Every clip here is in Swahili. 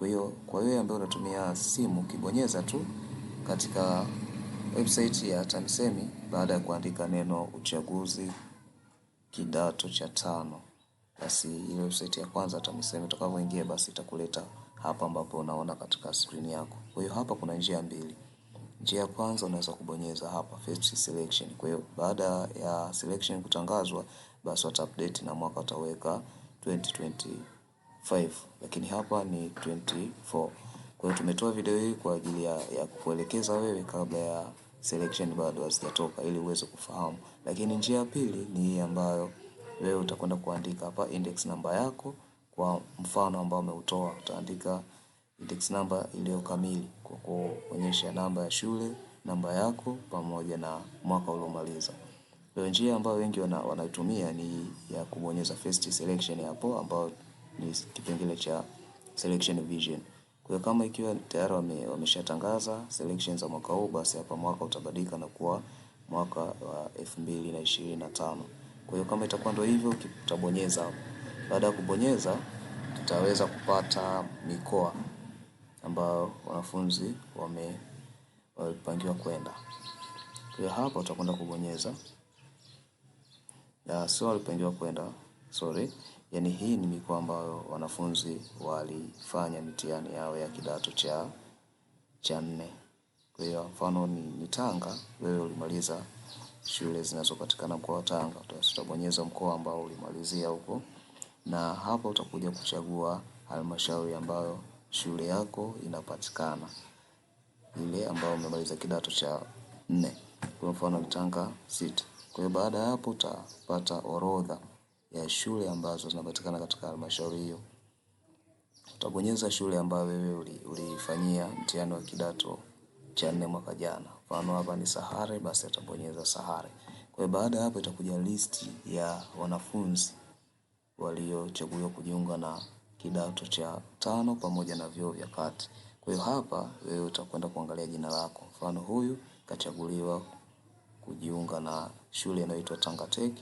Kwa hiyo kwa wewe ambaye unatumia simu, ukibonyeza tu katika website ya TAMISEMI baada ya kuandika neno uchaguzi kidato cha tano, basi ile website ya kwanza TAMISEMI utakavyoingia, basi itakuleta hapa ambapo unaona katika screen yako. Kwa hiyo hapa kuna njia mbili. Njia ya kwanza unaweza kubonyeza hapa first selection. Kwa hiyo baada ya selection kutangazwa, basi wata update na mwaka utaweka 5 lakini hapa ni 24. Kwa hiyo tumetoa video hii kwa ajili ya, ya kukuelekeza wewe kabla ya selection bado hazijatoka ili uweze kufahamu. Lakini njia ya pili ni hii ambayo wewe utakwenda kuandika hapa index namba yako, kwa mfano ambao umeutoa utaandika index namba iliyo kamili kwa kuonyesha namba ya shule, namba yako pamoja na mwaka uliomaliza. Kwa njia ambayo wengi wanaitumia ni ya kubonyeza first selection hapo ambayo ni kipengele cha selection vision. Kwa hiyo kama ikiwa tayari wame, wameshatangaza selection za mwaka huu, basi hapa mwaka utabadilika na kuwa mwaka wa 2025. Kwa hiyo kama itakuwa ndio hivyo, tutabonyeza hapo. Baada ya kubonyeza, tutaweza kupata mikoa ambayo wanafunzi wame wamepangiwa kwenda. Kwa hiyo hapa utakwenda kubonyeza, Na sio walipangiwa kwenda sorry, yani hii ni mikoa ambayo wanafunzi walifanya mitihani yao ya kidato cha cha nne. Kwa hiyo mfano ni, ni Tanga, wewe ulimaliza shule zinazopatikana mkoa wa Tanga, utabonyeza mkoa ambao ulimalizia huko, na hapa utakuja kuchagua halmashauri ambayo shule yako inapatikana, ile ambayo umemaliza kidato cha nne, kwa mfano ni Tanga City. Kwa hiyo baada ya hapo utapata orodha ya shule ambazo zinapatikana katika halmashauri hiyo. Utabonyeza shule ambayo wewe ulifanyia mtihani wa kidato cha nne mwaka jana. Mfano hapa ni Sahare, basi atabonyeza Sahare. Kwa hiyo baada ya hapo itakuja listi ya wanafunzi waliochaguliwa kujiunga na kidato cha tano pamoja na vyuo vya kati. Kwa hiyo hapa wewe utakwenda kuangalia jina lako. Mfano huyu kachaguliwa kujiunga na shule inayoitwa Tanga Tech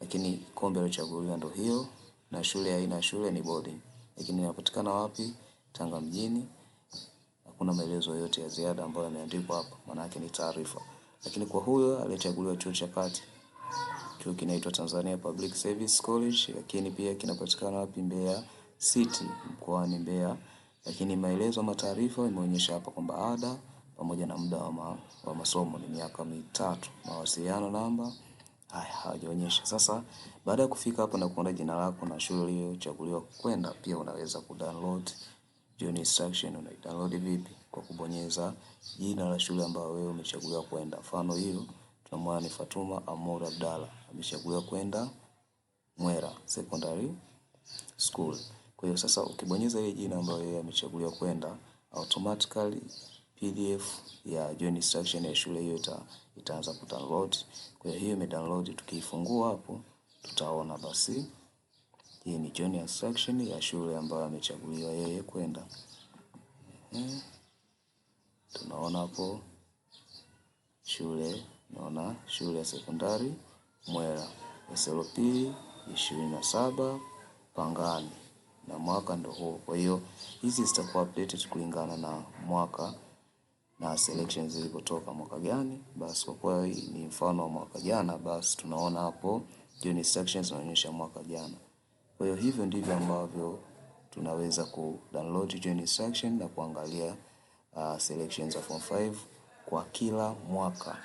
lakini kombe alichaguliwa ndo hiyo, na shule aina ya shule ni boarding, lakini inapatikana wapi? Tanga mjini. Hakuna maelezo yote ya ziada ambayo yameandikwa hapa, maana yake ni taarifa. Lakini kwa huyo aliyechaguliwa chuo cha kati, chuo kinaitwa Tanzania Public Service College, lakini pia kinapatikana wapi? Mbeya City, mkoani Mbeya. Lakini maelezo ama taarifa imeonyesha hapa kwamba ada pamoja na muda wa, ma, wa masomo ni miaka mitatu. Mawasiliano namba haya hawajaonyesha. Sasa baada ya kufika hapo na kuona jina lako na shule uliyochaguliwa kwenda, pia unaweza kudownload join instruction. Unaidownload vipi? Kwa kubonyeza jina la shule ambayo wewe umechaguliwa kwenda. Mfano hiyo tunamwona ni Fatuma Amora Abdalla amechaguliwa kwenda Mwera Secondary School. Kwa hiyo sasa ukibonyeza ile jina ambayo yeye amechaguliwa kwenda automatically PDF ya join instruction ya shule hiyo ita, itaanza kudownload. Kwa hiyo ime download, tukiifungua hapo tutaona basi hii ni join instruction ya shule ambayo amechaguliwa yeye kwenda. Hmm. Tunaona hapo shule, naona shule ya sekondari Mwera, SLP ishirini na saba Pangani, na mwaka ndo huo. Kwa hiyo hizi zitakuwa updated kulingana na mwaka na selections zilizotoka mwaka gani. Basi kwa kuwa ni mfano wa mwaka jana, basi tunaona hapo join sections zinaonyesha mwaka jana. Kwa hiyo hivyo ndivyo ambavyo tunaweza download join section na kuangalia uh, selections za form 5 kwa kila mwaka,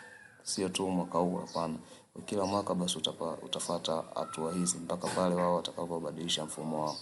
sio tu mwaka huu, hapana. Kwa kila mwaka basi utapa, utafata hatua hizi mpaka pale wao watakapobadilisha mfumo wao.